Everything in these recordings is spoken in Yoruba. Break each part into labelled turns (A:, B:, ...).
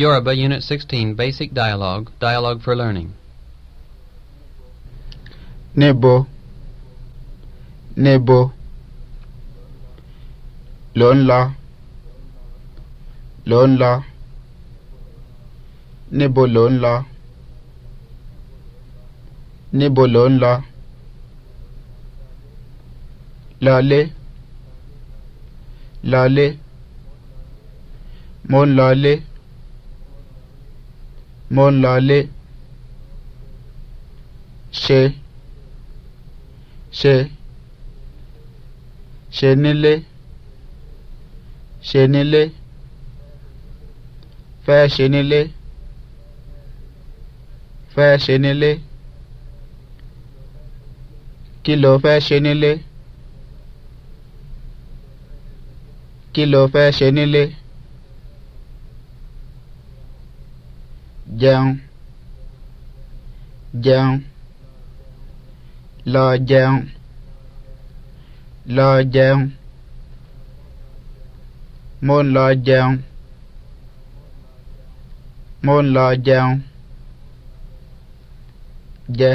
A: Yoruba, Unit 16, Basic Dialogue, Dialogue for Learning.
B: Nebo. Nebo. Lonla. Lonla. Nebo lonla. Nebo lonla. Lale. Lale. Mon lale. mo ń lọlé ṣe ṣe ṣe nílé ṣe nílé fẹ́ ṣe nílé fẹ́ ṣe nílé kí lo fẹ́ ṣe nílé kí lo fẹ́ ṣe nílé. jẹun jẹun lọ jẹun lọ jẹun mo ń lọ jẹun mo ń lọ jẹun jẹ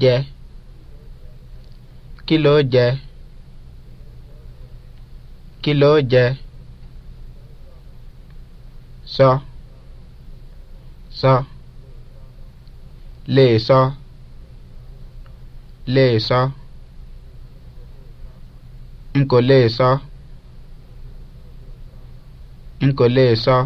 B: jẹ kí ló jẹ kí ló jẹ sọ. So sọ lè sọ lè sọ n kò lè sọ n kò lè sọ.